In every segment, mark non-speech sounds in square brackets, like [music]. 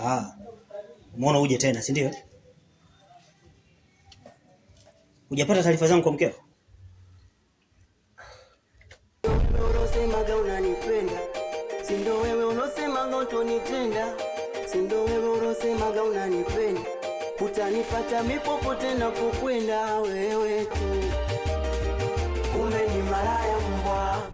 Ah. Umeona uje tena, si ndio? Hujapata taarifa zangu kwa mkeo? Unosemaga unanipenda. Si ndio wewe unosemaga utonipenda. Si ndio wewe unosemaga unanipenda. Utanipata mipopote na kukwenda wewe tu. Kumbe ni malaya mbwa.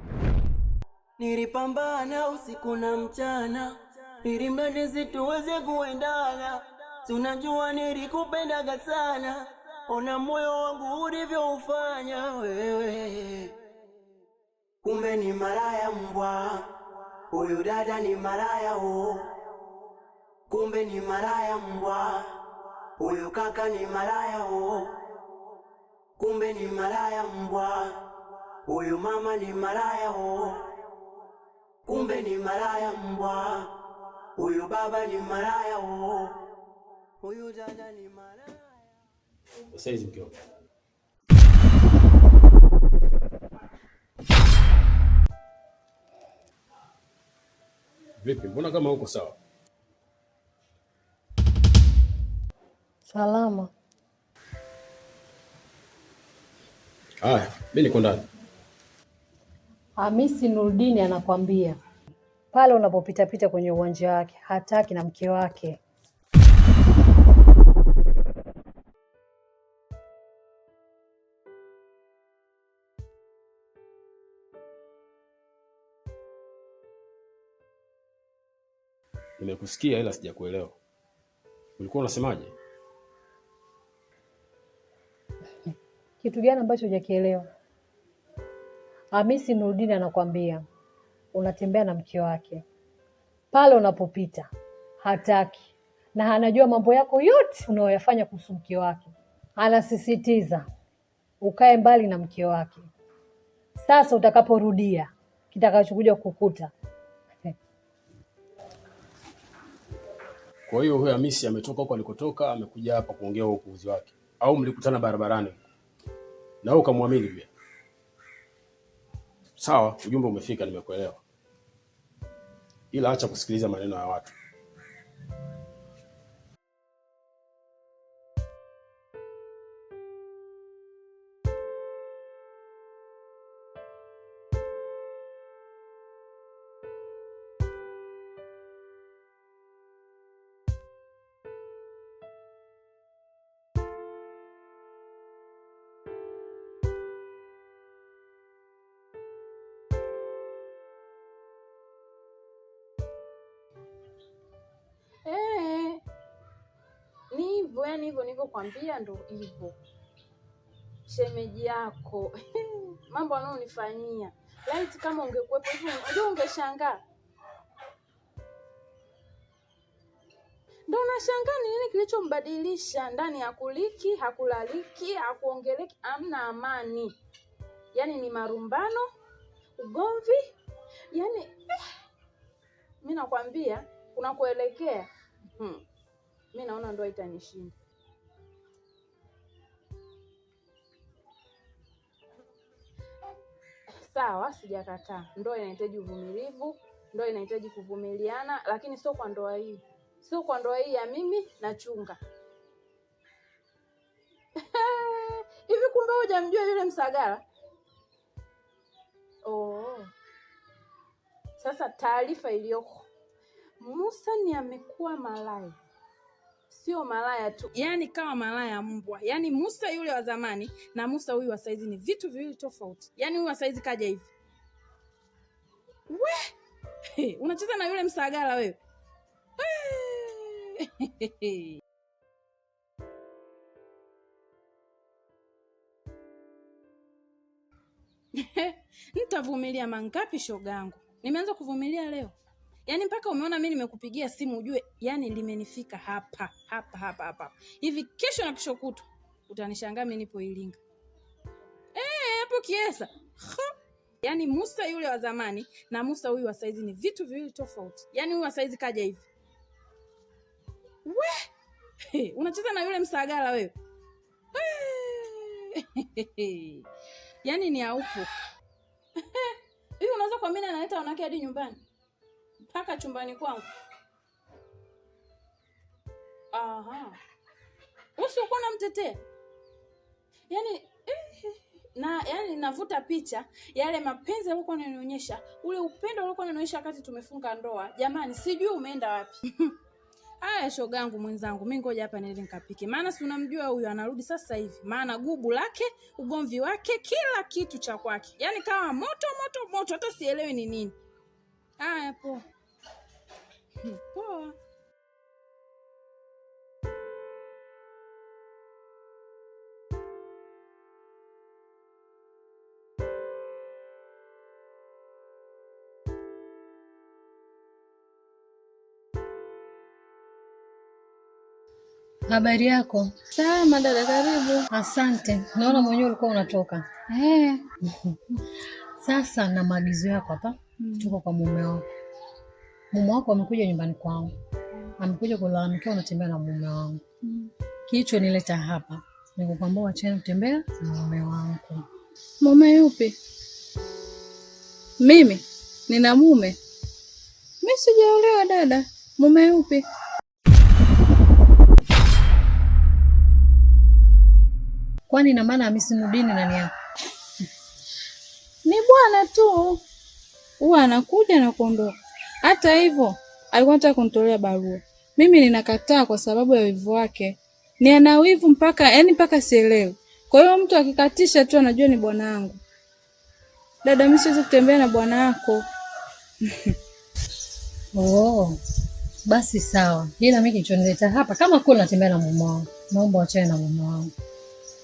Nilipambana usiku na mchana ili mradi tuweze kuendana, tunajua nilikupendaga sana, ona moyo wangu ulivyoufanya wewe. Kumbe ni malaya mbwa, huyu dada ni malaya ho. Kumbe ni malaya mbwa, huyu kaka ni malaya ho. Kumbe ni malaya mbwa, huyu mama ni malaya ho. Kumbe ni malaya mbwa Huyu baba ni maraya o, oh. Huyu dada ni malaya. Usaizi mjomba. Vipi, mbona kama uko sawa? Salama. Haya, mimi niko ndani. Hamisi Nurdini anakwambia pale unapopitapita kwenye uwanja wake, hataki na mke wake. Nimekusikia ila sijakuelewa. Ulikuwa unasemaje? Kitu gani ambacho hujakielewa? Hamisi Nurudini anakwambia unatembea na mke wake pale unapopita, hataki na anajua mambo yako yote unayoyafanya kuhusu mke wake. Anasisitiza ukae mbali na mke wake. Sasa utakaporudia, kitakachokuja kukuta. [laughs] Kwa hiyo huyo Hamisi ametoka huko alikotoka, amekuja hapa kuongea ukuuzi wake, au mlikutana barabarani na ukamwamini pia? Sawa, ujumbe umefika, nimekuelewa ila acha kusikiliza maneno ya watu. hivyo, yani hivyo nilivyokwambia ndo hivyo. Shemeji yako [laughs] mambo anaonifanyia light kama ungekuwepo hivyo, unajua ungeshangaa. Ndo nashangaa ni nini kilichombadilisha ndani ya kuliki, hakulaliki, hakuongeleki, amna amani, yaani ni marumbano, ugomvi, yaani eh, mi nakwambia kuelekea hmm mi naona ndoa itanishinda. Sawa, sijakataa. Ndoa inahitaji uvumilivu, ndoa inahitaji kuvumiliana, lakini sio kwa ndoa hii, sio kwa ndoa hii ya mimi na Chunga. [laughs] Hivi kumbe hujamjua yule Msagara? Oh. Sasa taarifa iliyoko, Musa ni amekuwa malaya sio malaya tu, yani kama malaya mbwa. Yani Musa yule wa zamani na Musa huyu wa saizi ni vitu viwili tofauti. Yani huyu wa saizi kaja hivi, we [laughs] unacheza na yule msagala wewe [laughs] [laughs] Ntavumilia mangapi shogangu? Nimeanza kuvumilia leo. Yaani mpaka umeona mimi nimekupigia simu ujue, yani limenifika hapa hapa hapa hapa hivi. Kesho na kesho kutwa utanishangaa mimi nipo Ilinga eh, hapo e, Kiesa ha. Yaani Musa yule wa zamani na Musa huyu wa saizi ni vitu viwili tofauti. Yaani huyu wa saizi kaja hivi we hey, [laughs] unacheza na yule msagala wewe hey. [laughs] Yaani ni aupo [laughs] hivi unaweza kuamini analeta wanawake hadi nyumbani? Kaka chumbani kwangu. Aha. Wewe uko na Yaani eh, na yani navuta picha yale mapenzi yalikuwa yananionyesha, ule upendo uliokuwa unanionyesha wakati tumefunga ndoa. Jamani, sijui umeenda wapi. [laughs] Aya, shogangu mwenzangu, mimi ngoja hapa niende nikapike, maana si unamjua huyu anarudi sasa hivi, maana gubu lake, ugomvi wake, kila kitu cha kwake, yaani kawa moto moto moto, hata sielewi ni nini. Aya, poa. Habari yako? Salama dada, karibu. Asante. Naona mwenyewe ulikuwa unatoka. Eh. [laughs] Sasa na maagizo yako hapa, mm. Tuko kwa mume wako mume wako amekuja nyumbani kwangu, amekuja kulalamikia unatembea na mume wangu. nileta hapa ni kukwambia uachane kutembea na mume wangu. Mume yupi? Mimi nina mume? Mi sijaolewa dada. Mume yupi? Kwani ina maana Hamisi nani yako? Ni bwana tu, huwa anakuja na kuondoka. Hata hivyo alikuwa anataka kunitolea barua, mimi ninakataa kwa sababu ya wivu wake. Ni ana wivu mpaka yani mpaka sielewi. Kwa hiyo mtu akikatisha tu anajua ni bwana wangu. Dada, mimi siwezi kutembea na bwana wako. [laughs] Oh, basi sawa, ila mimi kilichonileta hapa, kama kweli natembea na mume wangu, naomba wachane na mume wangu.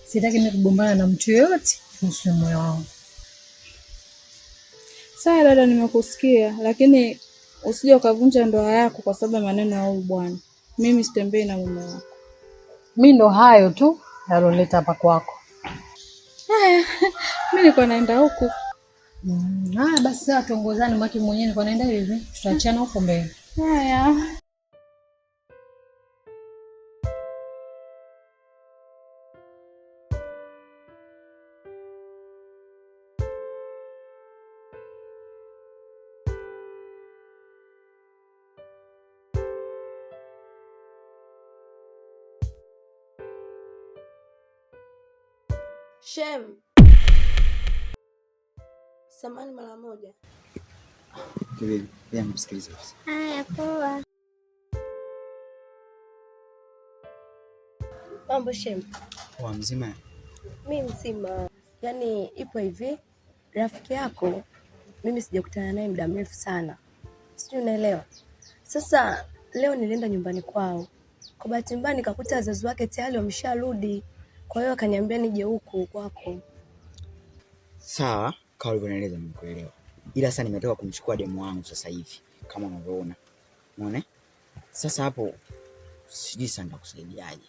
Sitaki mimi kugombana na mtu yoyote kuhusu mume wangu. Sawa dada, nimekusikia lakini usije ukavunja ndoa yako kwa sababu ya maneno ya huyu bwana. Mimi sitembei na mume wako. Mi ndo hayo tu yaloleta hapa kwako. Haya, [laughs] mi niko naenda huku. Mm, haya, basi sasa tuongozane, maki mwenyewe niko naenda hivi, tutaachana huko mbele. Haya. Shem. Samani mara moja. Haya, poa. Mambo Shem. Poa, mzima? Mi mzima. Yaani ipo hivi, rafiki yako mimi sijakutana naye muda mrefu sana, sijui unaelewa. Sasa leo nilienda nyumbani kwao, kwa bahati mbaya nikakuta wazazi wake tayari wamesharudi. Kwa hiyo akaniambia nije huku kwako. Sawa, kama ulivyoeleza nimekuelewa. Ila sasa nimetoka kumchukua demu wangu sasa hivi kama unavyoona. Unaona? Sasa hapo sijui sana nitakusaidiaje.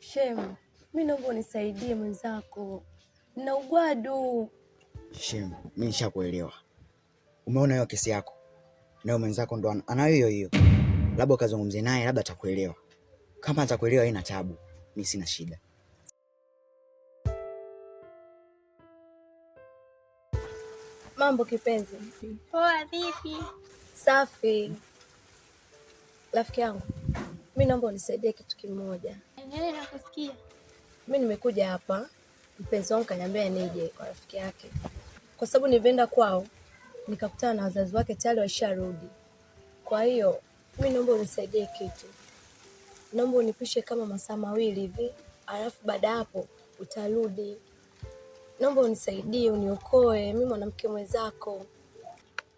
Shemu, mimi naomba unisaidie mwenzako. Na ugwadu. Shemu, mimi nishakuelewa. Umeona hiyo kesi yako. Na mwenzako ndo anayo hiyo hiyo. Labda ukazungumze naye labda atakuelewa. Kama atakuelewa haina tabu mi sina shida. Mambo kipenzi. Poa, vipi? Safi. Rafiki yangu, mi naomba unisaidie kitu kimoja. nakusikia. Mi nimekuja hapa, mpenzi wangu kaniambia nije kwa rafiki yake, kwa sababu nimeenda kwao nikakutana na wazazi wake tayari waisharudi. Kwa hiyo mi naomba unisaidie kitu naomba unipishe kama masaa mawili hivi, alafu baada hapo utarudi. Naomba unisaidie, uniokoe, mimi mwanamke mwenzako.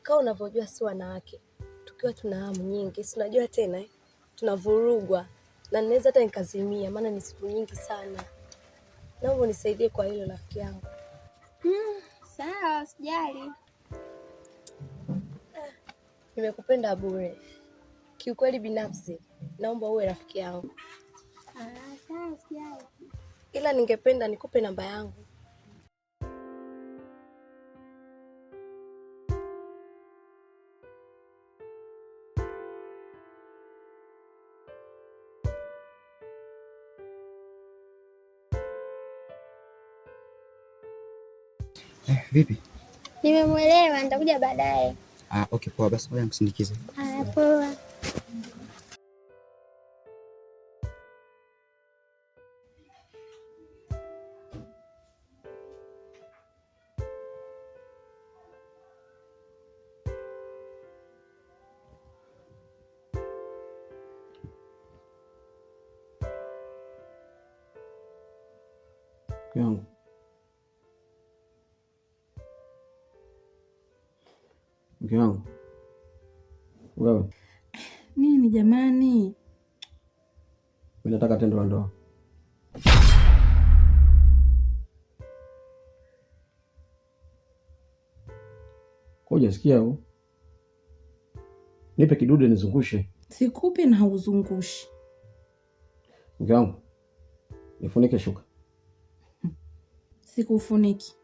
Kama unavyojua, si wanawake tukiwa tuna hamu nyingi, si unajua tena eh? tunavurugwa na ninaweza hata nikazimia, maana ni siku nyingi sana. Naomba unisaidie kwa hilo rafiki yangu. Hmm, sawa, sijali. Ah, nimekupenda bure kiukweli, binafsi naomba uwe rafiki yangu, ila ningependa nikupe namba yangu. Eh, vipi? Nimemwelewa, nitakuja baadaye. Ah, okay poa, basi ngoja Ah. Mke wangu, mke wangu, wewe nini jamani? minataka tendo la ndoa. Kwa hujasikia au? Nipe kidude nizungushe. Sikupi na hauzungushi. Mke wangu, nifunike shuka sikufuniki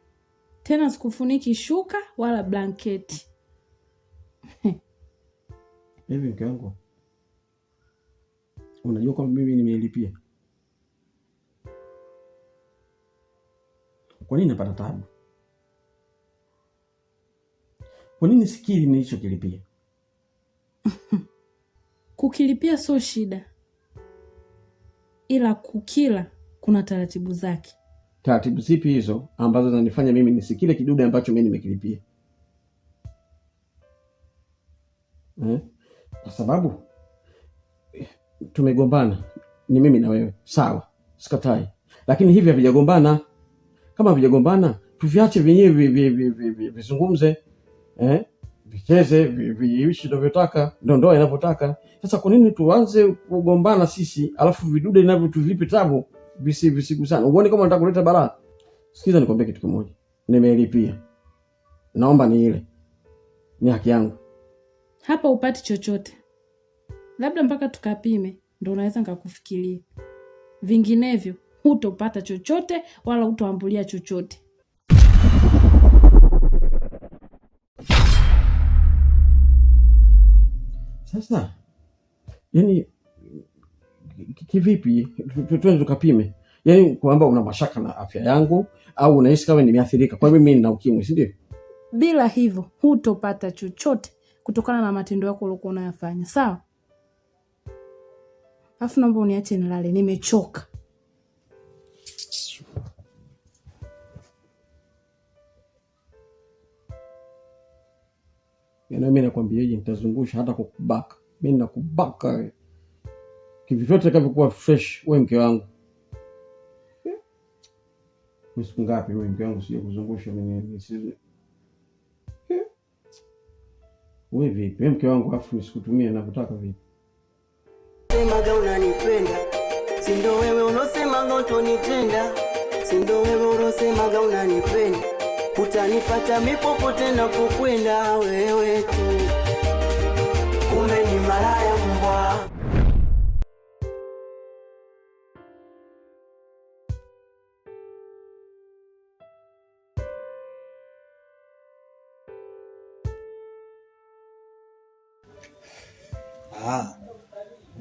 tena, sikufuniki shuka wala blanketi. [laughs] Hivi mke wangu, unajua kwamba mimi nimeilipia? Kwa nini napata tabu? Kwa nini sikili nilichokilipia? [laughs] Kukilipia sio shida, ila kukila kuna taratibu zake taratibu zipi hizo ambazo zinanifanya mimi nisikile kidude ambacho mimi nimekilipia eh? Kwa sababu tumegombana ni mimi na wewe, sawa, sikatai, lakini hivi havijagombana. Kama havijagombana tuviache vyenyewe vizungumze, eh? vicheze viishi inavyotaka, ndo ndoa inavyotaka. Sasa kwa nini tuanze kugombana sisi, alafu vidude navyo tuvipe tabu? visi visiku sana. Uone kama unataka kuleta balaa. Sikiza nikwambie kitu kimoja. Nimelipia. Naomba ni ile. Ni haki yangu. Hapa upati chochote. Labda mpaka tukapime ndio unaweza nikakufikiria. Vinginevyo hutopata chochote wala hutoambulia chochote. Sasa yani kivipi? Tuende tukapime, yaani kwamba una mashaka na afya yangu au unahisi kama nimeathirika, kwa hiyo mimi nina ukimwi, sindio Bila hivyo hutopata chochote kutokana na matendo yako uliokuwa unayafanya, sawa? Alafu naomba uniache nilale, nimechoka. Yaani nakwambia hiji nitazungusha hata kwa kubaka mi nakubaka wewe kivyote itakavyokuwa fresh, we mke wangu hmm. siku ngapi? We mke wangu, sija kuzungusha hmm. we vipi? We mke wangu, afu nisikutumie navyotaka vipi? Semaga unanipenda si ndo wewe unosemaga utonitenda si ndo wewe unosemaga unanipenda utanipata mipopote kukwenda wewe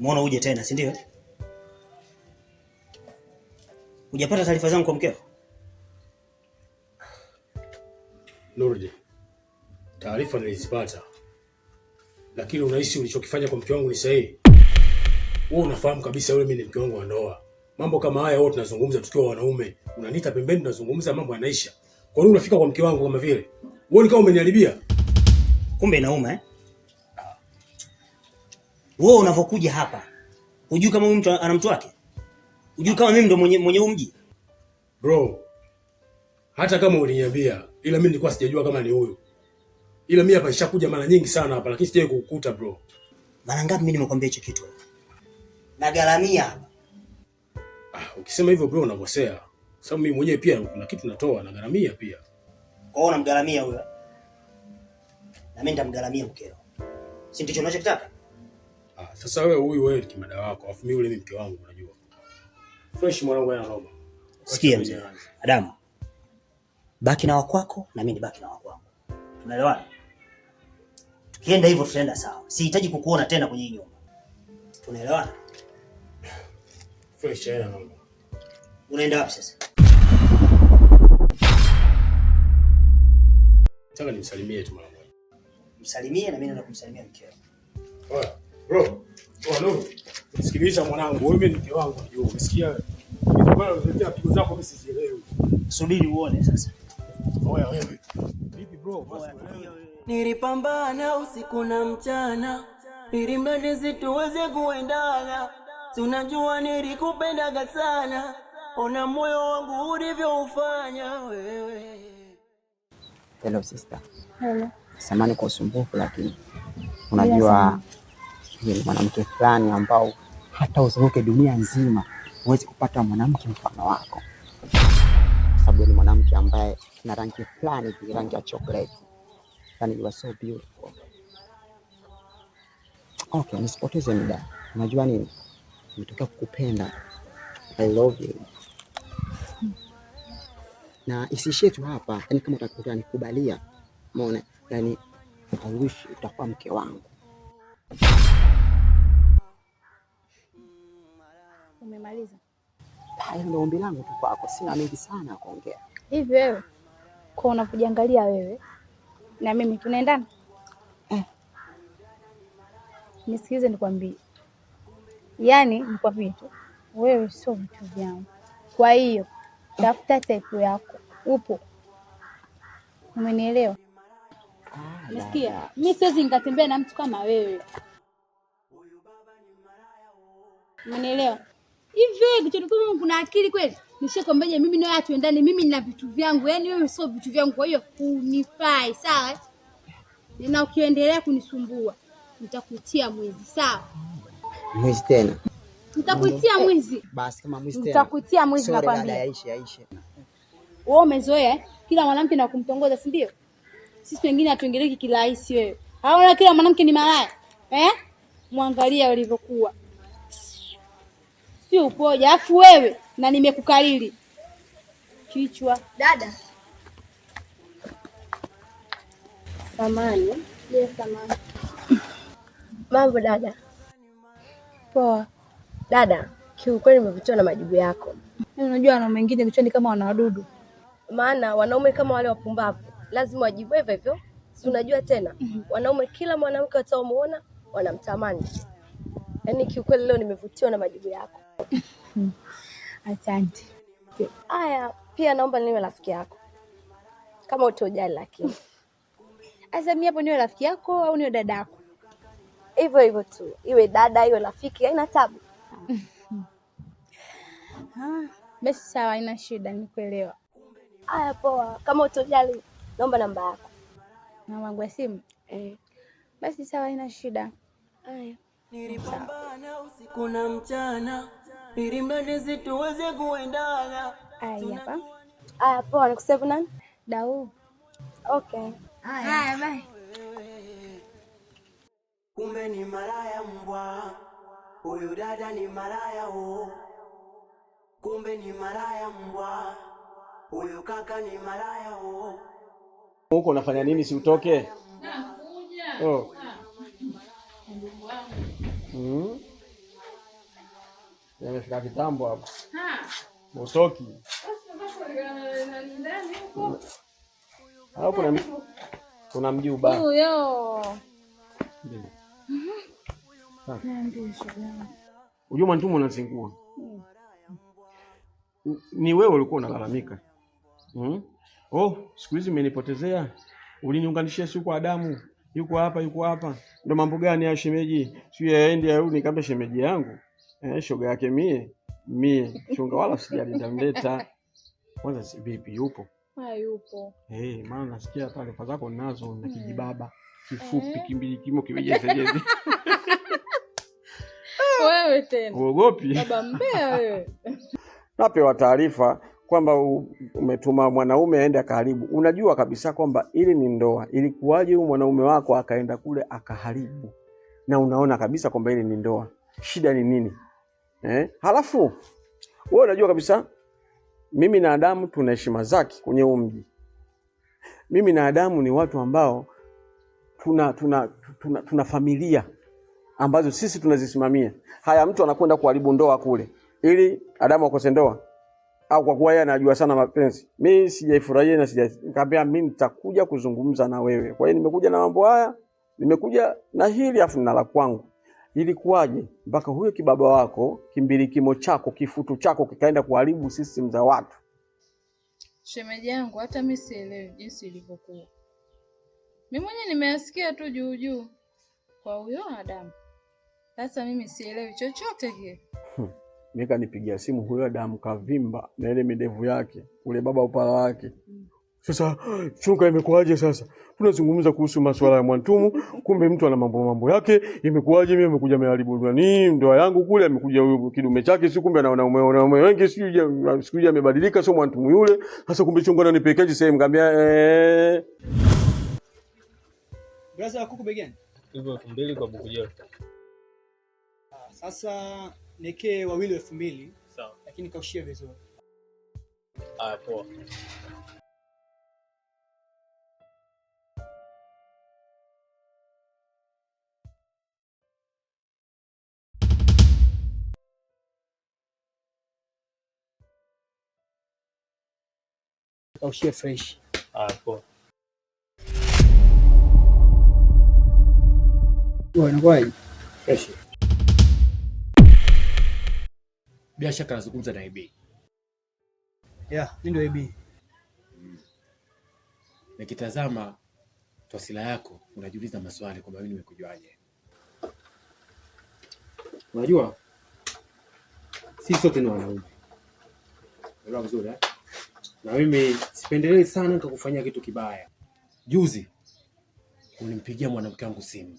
Umeona uje tena, si ndio? Hujapata taarifa zangu kwa mkeo? Nurdi, taarifa nilizipata, lakini unahisi ulichokifanya kwa mke wangu ni sahihi? Wewe unafahamu kabisa yule mimi ni mke wangu wa ndoa. Mambo kama haya wote tunazungumza tukiwa wanaume, unanita pembeni, tunazungumza mambo yanaisha. Kwa nini unafika kwa mke wangu kama vile? Wewe ni kama umeniharibia. Kumbe inauma eh? Wewe unavyokuja hapa hujui kama huyu mtu ana mtu wake? Hujui kama mimi ndo mwenye mwenye huu mji? Bro, hata kama uliniambia, ila mimi nilikuwa sijajua kama ni huyu. Ila mimi hapa nishakuja mara nyingi sana hapa, lakini sijawahi kukukuta bro. Mara ngapi mimi nimekwambia hicho kitu? Nagaramia hapa. Ah, ukisema hivyo bro unakosea. Sababu mimi mwenyewe pia kuna kitu natoa na gharamia pia. Kwa hiyo unamgaramia huyo? Na mimi nitamgaramia mkeo. Si ndicho unachotaka? Ah, sasa wewe huyu wewe ni mada wako. afu mimi yule ni mke wangu unajua. Fresh mwanangu ana roba. Sikia mzee. Adam. Baki na wakwako na mimi nibaki na wakwangu. Tunaelewana? Tukienda hivyo tutaenda sawa. Sihitaji kukuona tena kwenye hii nyumba. Tunaelewana? Fresh ana roba. Unaenda wapi sasa? Nataka nimsalimie tu mara moja. Msalimie na mimi naenda kumsalimia mke wangu. Poa. Bro, oh, hello. Sikiliza mwanangu, wewe mke wangu unajua, umesikia? Ndio maana unazotea pigo zako mimi sizielewi. Subiri uone sasa. Oya wewe. Vipi bro? Nilipambana usiku na mchana ili mradi situweze kuendana, tunajua nilikupendaga sana, ona moyo wangu ulivyoufanya wewe. Hello sister. Hello. Samani kwa usumbufu, lakini unajua yes, ni mwanamke fulani ambao hata uzunguke dunia nzima huwezi kupata mwanamke mfano wako, sababu ni mwanamke ambaye na rangi fulani, rangi ya chocolate. Yani you are so beautiful. Okay, nisipoteze muda. Unajua nini? Nimetokea kukupenda. I love you. Na isishie tu hapa, yani kama utakutana nikubalia, umeona? Yani I wish utakuwa mke wangu. Umemaliza? Hayo ndio ombi langu tu kwako, sina mengi sana kuongea. Hivi wewe kwa unavyojiangalia wewe na mimi tunaendana eh? Nisikilize nikwambie, yaani nikwambie tu, wewe sio vitu vyangu, kwa hiyo tafuta type yako, upo? Umenielewa? Umesikia? Mimi siwezi nikatembea na mtu kama wewe, umenielewa? Hivi kichwa kuna akili kweli? Nishakwambiaje mimi na wewe tuendane, mimi nina vitu vyangu, yaani wewe sio vitu vyangu, kwa hiyo unifai sawa, eh? na ukiendelea kunisumbua nitakutia mwizi sawa. Mwizi tena? Nitakutia mwizi. Basi kama mwizi tena. Nitakutia mwizi nakwambia. Aisha, Aisha. Wewe umezoea kila mwanamke na kumtongoza, si ndio? Sisi wengine hatuingeleki kirahisi wewe. Haona kila mwanamke ni malaya. Eh? Mwangalia walivyokuwa Sio upoja. Afu wewe na nimekukalili. Kichwa. Dada. Samani. Yes, samani. Mambo dada. Poa. Dada, kiukweli nimevutiwa na majibu yako. Unajua wanaume wengine kichwani kama wana wadudu. Maana wanaume kama wale wapumbavu lazima wajibu hivyo hivyo, si unajua tena mm -hmm. Wanaume kila mwanamke watamuona wanamtamani. Yaani kiukweli leo nimevutiwa na majibu yako asante. Haya, pia naomba niwe rafiki yako kama utojali, lakini asa mimi hapo niwe rafiki yako au niwe dada yako? Hivyo hivyo tu, iwe dada iwe rafiki, haina tabu. Ah, basi sawa, haina shida, nikuelewa. Haya, poa, kama utojali naomba namba yako. Namba yangu ya simu? Eh. Basi sawa, haina shida. Haya. Nilipambana usiku na mchana ili mradi tuweze kuendana. Hapa. Haya, poa, nikusevu nani? Dau. Okay. Haya, bye. Kumbe ni maraya mbwa. Huyu dada ni maraya huo. Kumbe ni maraya mbwa. Huyu kaka ni maraya huo. Huko unafanya nini? si utoke? Oh. Mm. Yamefika hmm. kitambo hapo. Utoki. Hapo kuna kuna mjumba. Huyo. Unajua mwantumu unazingua. Hmm. Ni wewe ulikuwa unalalamika. Mm. Oh, siku hizi umenipotezea. Uliniunganishia si kwa Adamu, yuko hapa, yuko hapa. Ndio mambo gani ya shemeji? Si yaende ya huyu nikambe shemeji yangu. Eh, shoga yake mie. Mie chunga wala sijali ndamleta Kwanza vipi yupo? Hayupo. Eh, hey, maana nasikia pale kwa zako nazo na hmm. kijibaba kifupi eh, kimbili kimo kimejeza [laughs] ah! Wewe tena. Uogopi? Baba mbea wewe. Napewa taarifa kwamba umetuma mwanaume aende akaharibu, unajua kabisa kwamba ili ni ndoa. Ilikuwaje huyu mwanaume wako akaenda kule akaharibu, na unaona kabisa kwamba ili ni ndoa? Shida ni nini eh? Halafu wewe unajua kabisa mimi na Adamu tuna heshima zake kwenye huu mji. Mimi na Adamu ni watu ambao tuna, tuna, tuna, tuna familia ambazo sisi tunazisimamia. Haya, mtu anakwenda kuharibu ndoa kule ili Adamu akose ndoa au ah, kwa kuwa yeye anajua sana mapenzi. Mimi sijaifurahia na sija nikamwambia mimi nitakuja kuzungumza na wewe. Kwa hiyo nimekuja na mambo haya, nimekuja na hili afu na la kwangu. Ilikuwaje mpaka huyo kibaba wako, kimbilikimo chako, kifutu chako kikaenda kuharibu system za watu? Shemeji yangu, hata mimi sielewi jinsi ilivyokuwa. Mimi mwenyewe nimeyasikia tu juu juu kwa huyo Adamu. Sasa mimi sielewi chochote kile. Mika nipigia simu, huyo damu kavimba na ile midevu yake, ule baba upala wake. Sasa chunga, imekuwaje? Sasa tunazungumza kuhusu masuala ya Mwantumu, kumbe mtu ana mambo mambo yake. Imekuwaje? Mimi nimekuja ameharibu nani ndoa yangu kule, amekuja huyo kidume chake, si kumbe ana wanaume wanaume wengi, si sikuja amebadilika, sio Mwantumu yule. Sasa kumbe chunga na nipekeje sehemu ngambia eh, brasa kuku begani hivyo 2000 kwa buku yetu ah, sasa Niwekee wawili elfu mbili lakini kaushia vizuri. Ah, poa. Kaushia fresh. Ah, poa. Bwana, kwaje? Fresh. Bila shaka nazungumza na Ibi. Yeah, mimi ndio Ibi. Nikitazama twasila yako unajiuliza maswali kwamba mimi nimekujuaje? Unajua si sote ni wanaume elewa vizuri eh? na mimi sipendelei sana nikakufanyia kitu kibaya. Juzi ulimpigia mwanamke wangu simu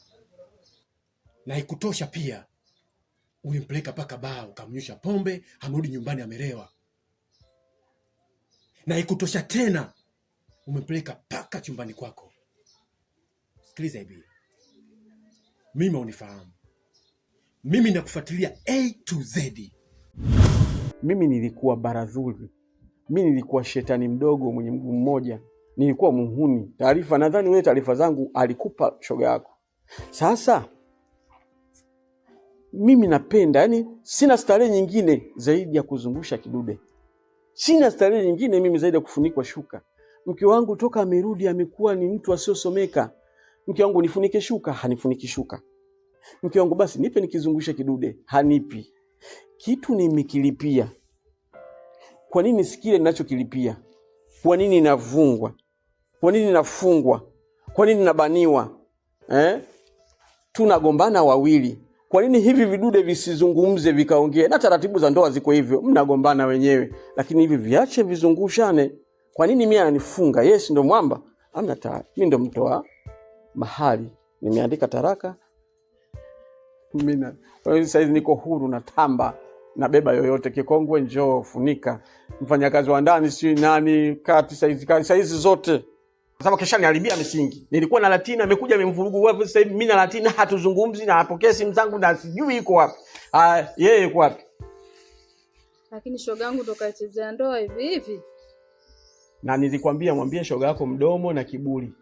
na ikutosha pia ulimpeleka paka baa ukamnyusha pombe, amerudi nyumbani amelewa, na ikutosha tena umempeleka mpaka chumbani kwako. Sikiliza hivi, mimi unifahamu, mimi nakufuatilia A to Z. Mimi nilikuwa baradhuli, mimi nilikuwa shetani mdogo mwenye mguu mmoja, nilikuwa muhuni. Taarifa nadhani wewe, taarifa zangu alikupa shoga yako. Sasa mimi napenda, yani sina starehe nyingine zaidi ya kuzungusha kidude, sina starehe nyingine mimi zaidi ya kufunikwa shuka. Mke wangu toka amerudi amekuwa ni mtu asiosomeka. Mke wangu nifunike shuka, hanifuniki shuka. Mke wangu basi nipe nikizungusha kidude, hanipi kitu. Nimekilipia, kwa nini sikile ninachokilipia? Kwa nini navungwa? Kwa nini nafungwa? Kwa nini nabaniwa eh? Tunagombana wawili kwa nini hivi vidude visizungumze vikaongea? Na taratibu za ndoa ziko hivyo, mnagombana wenyewe, lakini hivi viache vizungushane. Kwa nini mimi ananifunga? Yes, ndo mwamba amna taa, mimi ndo mtoa mahali nimeandika taraka mimi saizi niko huru, natamba nabeba yoyote, kikongwe njoo funika, mfanyakazi wa ndani, si nani kati, saizi saizi zote kwa sababu kesha niharibia misingi. Nilikuwa na Latina, amekuja amemvurugu wapi? Sasa hivi mimi na Latina hatuzungumzi na apokee simu zangu na sijui iko wapi, ah, yeye yuko wapi? Lakini shoga yangu ndo kachezea ndoa hivi hivi, na nilikwambia mwambie shoga yako mdomo na kiburi.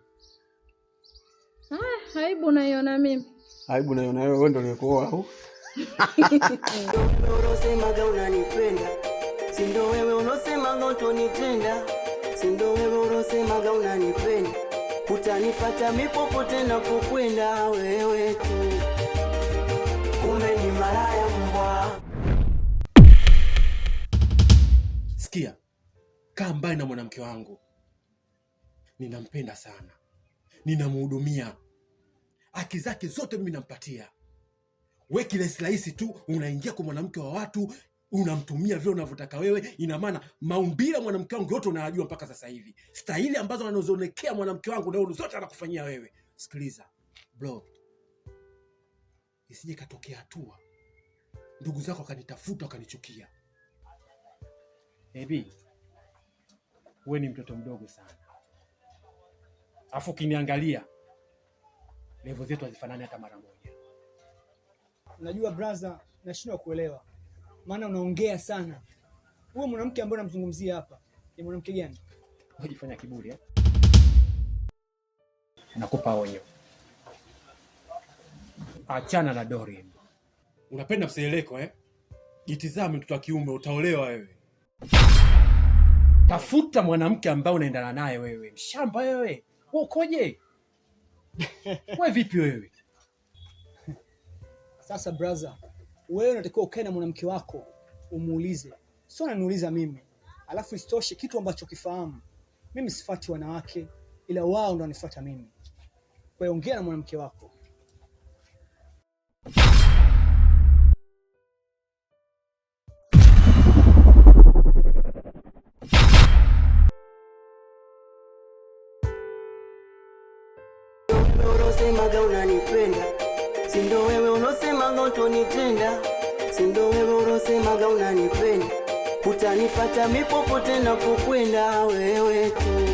Ah, aibu naiona mimi, aibu naiona wewe, ndio uliokuoa au ndio [laughs] unosemaga unanipenda, si ndio wewe unosemaga utonipenda Sindo wewe urosemaga unanipenda, utanifata mipopote kukwenda wewe tu, kumbe ni malaya mbwa. Sikia, kaa mbali na mwanamke wangu, ninampenda sana, ninamhudumia, haki zake zote mimi nampatia. We kirahisi rahisi tu unaingia kwa mwanamke wa watu unamtumia vile unavyotaka wewe. Ina maana maumbile ya mwanamke wangu yote unayajua mpaka sasa hivi, staili ambazo anazoonekea mwanamke wangu na zote anakufanyia wewe. Sikiliza bro, isije katokea hatua ndugu zako wakanitafuta wakanichukia. Ebi, we ni mtoto mdogo sana, alafu ukiniangalia levo zetu hazifanani hata mara moja. Najua braza, nashindwa kuelewa maana unaongea sana. Huyo mwanamke ambaye namzungumzia hapa ni mwanamke gani? Unajifanya kiburi eh? Nakupa onyo, achana na Dori. Unapenda mseleleko eh? Jitizame mtoto wa kiume, utaolewa wewe. Tafuta mwanamke ambaye unaendana naye wewe. Mshamba wewe, ukoje? [laughs] We vipi wewe? Sasa brother wewe unatakiwa ukae na mwanamke wako umuulize, sio ananiuliza mimi. Alafu isitoshe kitu ambacho kifahamu, mimi sifati wanawake, ila wao ndo wanifuata mimi. Kwa hiyo ongea na mwanamke wako. unavyonitenda, si ndo wewe urosemaga unanipenda, utanifata mipopote napokwenda, wewe tu